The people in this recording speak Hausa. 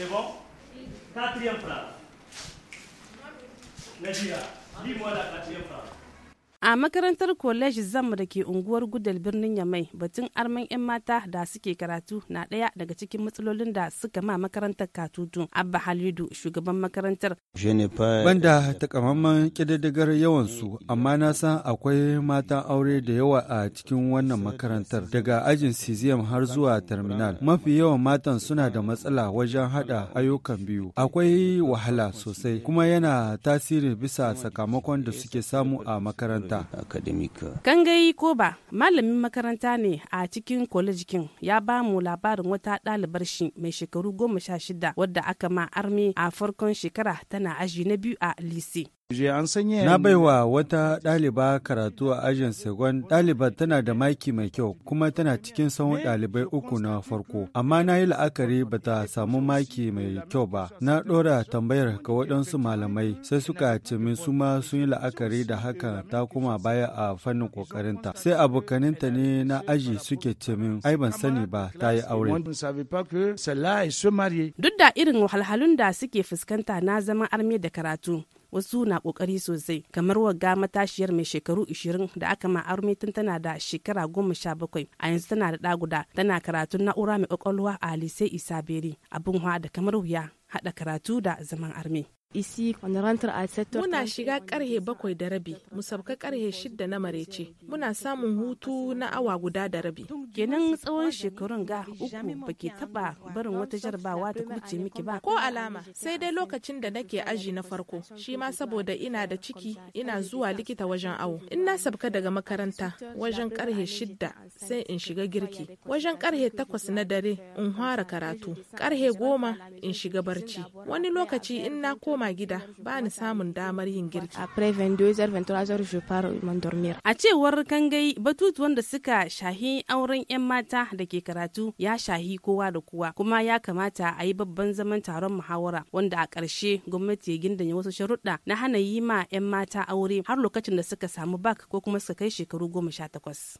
C'est bon Quatrième phrase. Nadia, dis-moi la quatrième phrase. A makarantar College zamba da ke unguwar Gudal birnin Yamai batun arman 'yan mata da suke karatu na ɗaya daga cikin matsalolin da suka ma makarantar katutu. Abba Halidu shugaban makarantar. Banda takamaiman ƙididdigar yawansu amma na san akwai mata aure da yawa a cikin wannan makarantar daga ajin CZM har zuwa terminal. Mafi yawan matan suna da matsala wajen haɗa ayyukan biyu. Akwai wahala sosai kuma yana tasiri bisa sakamakon da suke samu a makarantar. makaranta kangayi ko ba malamin makaranta ne a cikin kwalejikin ya ba mu labarin wata ɗalibar shi mai shekaru goma sha shida wadda aka ma armi a farkon shekara tana aji na biyu a lise Na bai wa wata ɗaliba karatu a ajin Segon, ɗalibar tana da maki mai kyau kuma tana cikin sahun ɗalibai uku na farko. Amma na yi la'akari ba ta samu maki mai kyau ba. Na ɗora tambayar ga waɗansu malamai sai suka ce min su ma sun yi la'akari da haka ta kuma baya a fannin ƙoƙarinta. Sai abokaninta ne na aji suke ce min ai ban sani ba ta yi aure. Duk da irin wahalhalun da suke fuskanta na zama armi da karatu, wasu na kokari sosai kamar wagga matashiyar mai shekaru 20 da aka ma arme tun tana da shekara goma sha bakwai a yanzu tana da ɗa guda tana karatun na'ura mai kwakwalwa a lise isaberi abin da kamar wuya haɗa karatu da zaman arme. Isi Muna shiga karhe bakwai da rabi, mu sabka karhe shidda na marece. Muna samun hutu na awa guda da rabi. Kenan tsawon shekarun ga uku baki taba barin wata jarabawa ta kuce miki ba. Ko alama, sai dai lokacin da nake aji na farko, shi ma saboda ina da ciki ina zuwa likita wajen awo. In na sabka daga makaranta wajen karhe shidda sai in shiga girki. Wajen karhe takwas na dare in fara karatu. Karhe goma in shiga barci. Wani lokaci in na koma koma gida ba ni samun damar yin girki. A cewar kangai batutuwan da suka shahi auren 'yan mata da ke karatu ya shahi kowa da kowa kuma ya kamata a yi babban zaman taron muhawara wanda a karshe gwamnati ya ya wasu sharuɗa na hana yi ma 'yan mata aure har lokacin da suka samu bak ko kuma suka kai shekaru goma sha takwas.